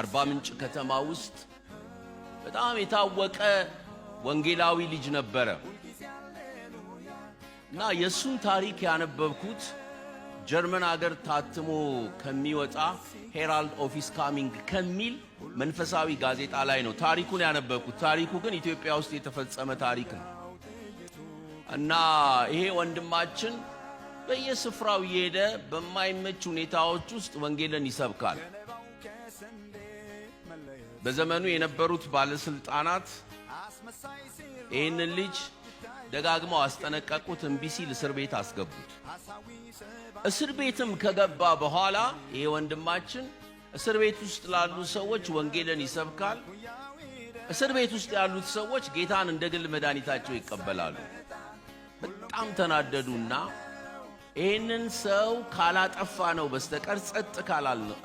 አርባ ምንጭ ከተማ ውስጥ በጣም የታወቀ ወንጌላዊ ልጅ ነበረ እና የእሱን ታሪክ ያነበብኩት ጀርመን አገር ታትሞ ከሚወጣ ሄራልድ ኦፊስ ካሚንግ ከሚል መንፈሳዊ ጋዜጣ ላይ ነው ታሪኩን ያነበብኩት። ታሪኩ ግን ኢትዮጵያ ውስጥ የተፈጸመ ታሪክ ነው እና ይሄ ወንድማችን በየስፍራው እየሄደ በማይመች ሁኔታዎች ውስጥ ወንጌልን ይሰብካል። በዘመኑ የነበሩት ባለስልጣናት ይህንን ልጅ ደጋግመው አስጠነቀቁት። እምቢ ሲል እስር ቤት አስገቡት። እስር ቤትም ከገባ በኋላ ይሄ ወንድማችን እስር ቤት ውስጥ ላሉ ሰዎች ወንጌልን ይሰብካል። እስር ቤት ውስጥ ያሉት ሰዎች ጌታን እንደ ግል መድኃኒታቸው ይቀበላሉ። በጣም ተናደዱና ይህንን ሰው ካላጠፋ ነው በስተቀር ጸጥ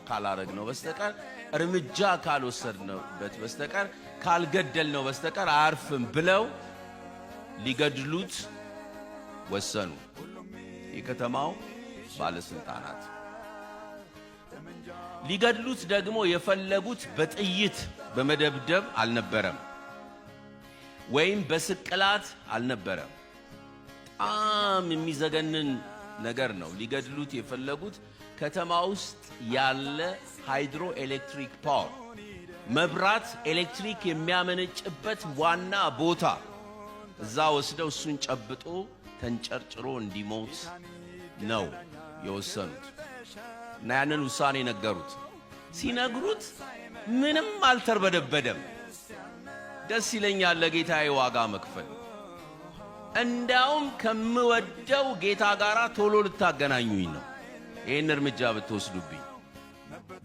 ካላረግ ነው በስተቀር እርምጃ ካልወሰድንበት በስተቀር ካልገደል ነው በስተቀር አያርፍም ብለው ሊገድሉት ወሰኑ። የከተማው ባለስልጣናት ሊገድሉት ደግሞ የፈለጉት በጥይት በመደብደብ አልነበረም፣ ወይም በስቅላት አልነበረም። በጣም የሚዘገንን ነገር ነው። ሊገድሉት የፈለጉት ከተማ ውስጥ ያለ ሃይድሮ ኤሌክትሪክ ፓወር መብራት ኤሌክትሪክ የሚያመነጭበት ዋና ቦታ እዛ ወስደው እሱን ጨብጦ ተንጨርጭሮ እንዲሞት ነው የወሰኑት እና ያንን ውሳኔ ነገሩት። ሲነግሩት ምንም አልተርበደበደም። ደስ ይለኛል ለጌታዬ ዋጋ መክፈል እንዳውም ከምወደው ጌታ ጋር ቶሎ ልታገናኙኝ ነው። ይህን እርምጃ ብትወስዱብኝ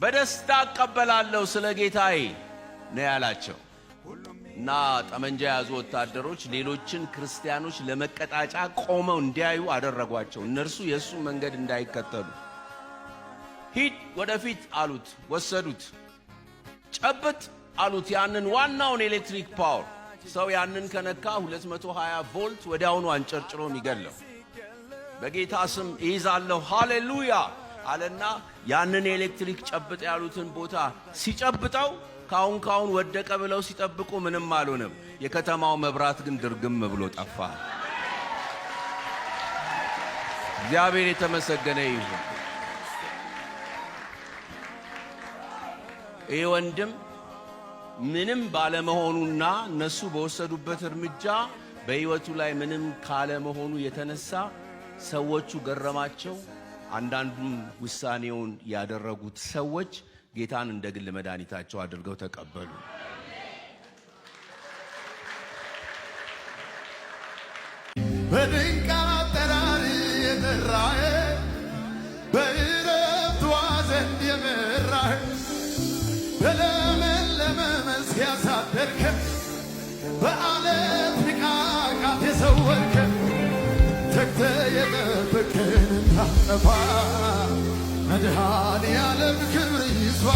በደስታ እቀበላለሁ ስለ ጌታዬ ነው ያላቸው እና ጠመንጃ የያዙ ወታደሮች ሌሎችን ክርስቲያኖች ለመቀጣጫ ቆመው እንዲያዩ አደረጓቸው። እነርሱ የእሱን መንገድ እንዳይከተሉ ሂድ ወደፊት አሉት። ወሰዱት። ጨብጥ አሉት ያንን ዋናውን ኤሌክትሪክ ፓወር ሰው ያንን ከነካ 220 ቮልት ወዲያውኑ አንጨርጭሮ የሚገለው በጌታ ስም ይይዛለሁ ሃሌሉያ አለና ያንን የኤሌክትሪክ ጨብጥ ያሉትን ቦታ ሲጨብጠው ካሁን ካሁን ወደቀ ብለው ሲጠብቁ ምንም አልሆነም። የከተማው መብራት ግን ድርግም ብሎ ጠፋ። እግዚአብሔር የተመሰገነ ይሁን። ይህ ወንድም ምንም ባለመሆኑና እነሱ በወሰዱበት እርምጃ በሕይወቱ ላይ ምንም ካለመሆኑ የተነሳ ሰዎቹ ገረማቸው። አንዳንዱም ውሳኔውን ያደረጉት ሰዎች ጌታን እንደ ግል መድኃኒታቸው አድርገው ተቀበሉ። በድንቅ አጠራር የጠራህ በእረፍቷ ዘንድ የመራህ ይጥፋ፣ መድኃኔ ዓለም ክብር ይስፋ።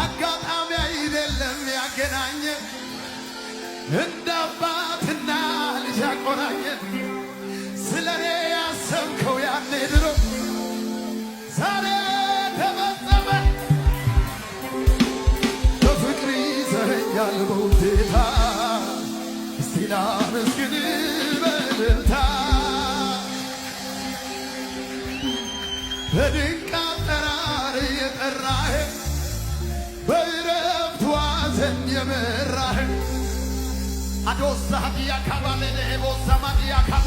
አጋጣሚ አይደለም ያገናኘን፣ እንደ አባትና ልጅ ያቆራኘን ስለኔ ድንቅ አጠራር የጠራህ በእረፍት ዋዘን የመራህ አዶሳ ዲያካባለለሄቦ ሰማዲያካቦ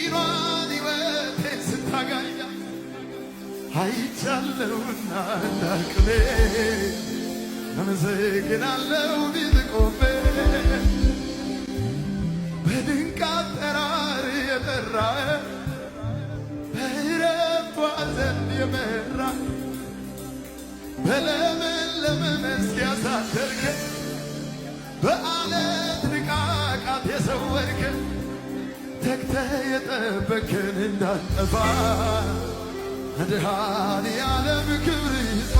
ሲሏን ይወቴን ስታጋያ አይቻለውና እንዳቅሜ አመሰግናለው ቢዝቆሜ በድንቅ አጠራር የጠራ በእረፍቱ ዘንድ የመራ በለመለመ መስክ ያሳደርከ ፈገግታ የጠበቀን እንዳንጠፋ መድኃኔ ዓለም ክብር ይስፋ